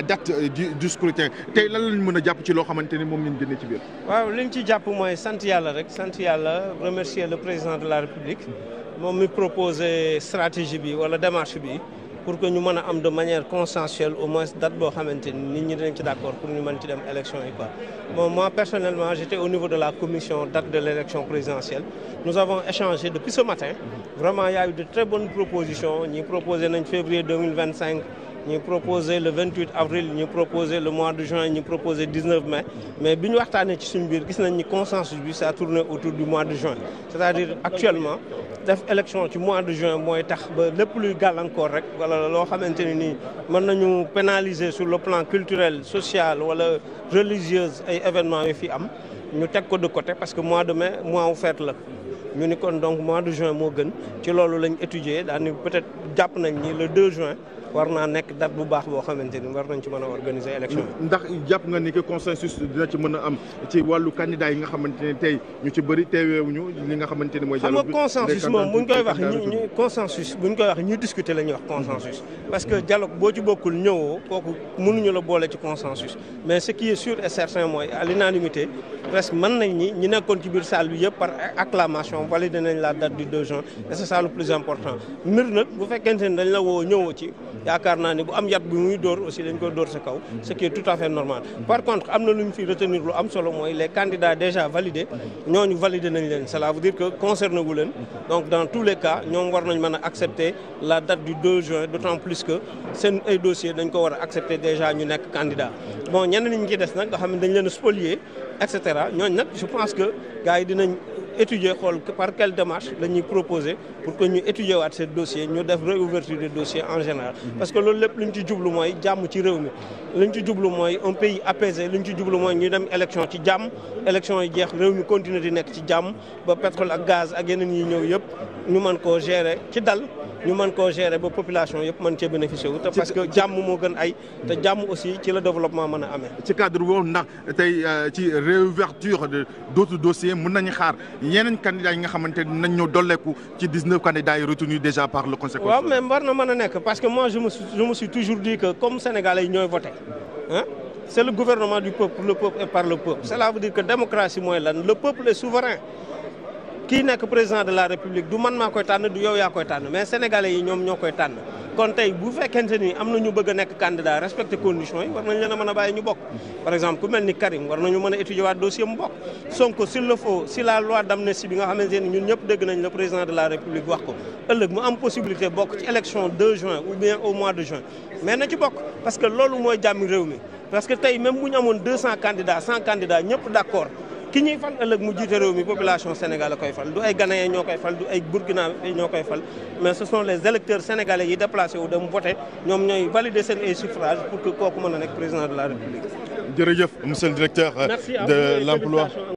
date euh, du scrutin tey lan lañ mën a jàpp ci loo xamante ni moom lañ génne ci biir. waaw liñ ci jàpp mooy sant yàlla rek sant yàlla remercier le président de la république moom mi proposé stratégie bi wala démarche bi pour que ñu mën a am de manière consensuelle au moins date boo xamante ni nit ñi dinañ d' accord pour ñu mën ci dem élection yi quoi. bon moi personnellement j' étais au niveau de la commission date de l' présidentielle nous avons échangé nañ février cinq ñu proposé le 28 avril ñu proposé le mois de juin ñu proposé 19 mai mais bi ñu waxtaanee ci suñu biir gis nañ ni consensus bi ça tourné autour du mois de juin c'est-à-dire actuellement def élection ci mois de juin mooy tax ba lépp luy gàllankoor rek wala loo xamante ne nii mën nañu pénaliser sur le plan culturel social wala religieuse ay événements yu fi am ñu teg ko de côté parce que mois de mai mois wu fête la ñu ni kon donc mois de juin moo gën ci loolu lañ étudier daal ni peut-être jàpp nañ ñi le 2 juin war naa nekk date bu baax boo xamante ni war nañ ci mën a organiser élection ndax jàpp nga ni que consensus dina ci mën a am ci wàllu candidat nga xamante ne tey ñu ci bëri teeweewuñu li nga xamante ni mooy. xam nga consensus moom wax ñu consensus buñ koy wax ñu discuter la wax consensus. parce que dialogue boo ci bokkul ñëwoo kooku mënuñu la boole ci consensus mais ce qui est sûr et certain nañ ñi ñu nekkoon ci biir salle bi yëpp par acclamation on valide nañ la date du 2 juin et c'est ça le plus important mbir nag bu fekkente ne dañ la woo ci yaakaar naa ne bu am yat bi muy dóor aussi dañ ko dóor sa kaw ce qui est tout à fait normal par contre am na lu ñu fi retenir lu am solo mooy les candidats déjà validés ñooñu validé nañ leen cela veut dire que concerné leen donc dans tous les cas ñoom war nañ mën a accepter la date du 2 juin d'autant plus que seen ay dossiers dañ ko étudier xool par quelle démarche la ñuy proposer pour que ñu étudier waat ce dossier ñu def réouverture des dossiers en général. Mhm. parce que lool lépp lu ñu ci jublu mooy jàmm ci réew mi lu ñu ci jublu mooy un pays apaisé lu ñu ci jublu mooy ñu dem élection ci jàmm élection yi jeex réew mi continuer di nekk ci jàmm ba pétrole ak gaz ak yeneen yi ñëw yëpp ñu mën koo gérer ci dal. ñu man koo gérer ba population yëpp mën cee bénéficier wu. te parce que jàmm moo gën ay. te jàmm aussi ci la développement mën a amee. ci cadre boobu ndax tey euh, ci réouverture de d' autres dossiers mën nañu xaar yeneen candidats nga xamante ne nañ ñoo dolleeku ci 19 candidats yi retenus déjà par le conseil. waaw mais war na nekk parce que moi je me suis je me suis toujours dit que comme sénégalais yi ñooy voté ah. c' le gouvernement du peuple le peuple et par le peuple cela veut dire que démocratie kii nekk président de la république du man maa koy tànn du yow yaa koy tànn mais sénégalais yi ñoom ñoo koy tànn kon tey bu fekkente ni am na ñu bëgg a nekk candidat respecté conditions yi war nañ leen a mën a bàyyi ñu bokk. par exemple ku mel ni Karim war nañu mën a étudier dossier mu bokk Sonko s'il le faut si la loi d'amnistie bi nga xamante ni ñun ñëpp dégg nañ le président de la république wax ko mu am possibilité bokk ci élection juin ou bien mois de juin mais na loolu mooy jàmm réew mi parce que tey même bu ñu amoon 200 candidats 100 ki ñuy fal ëllëg mu jiite réew mi population Sénégal la koy fal du ay Ghanéens ñoo koy fal du ay Burkinabé ñoo koy fal mais ce sont les électeurs sénégalais yi déplacé wu dem voté ñoom ñooy valider seen ay suffrage pour que kooku mën a nekk président de la République. jërëjëf monsieur le directeur. de l'emploi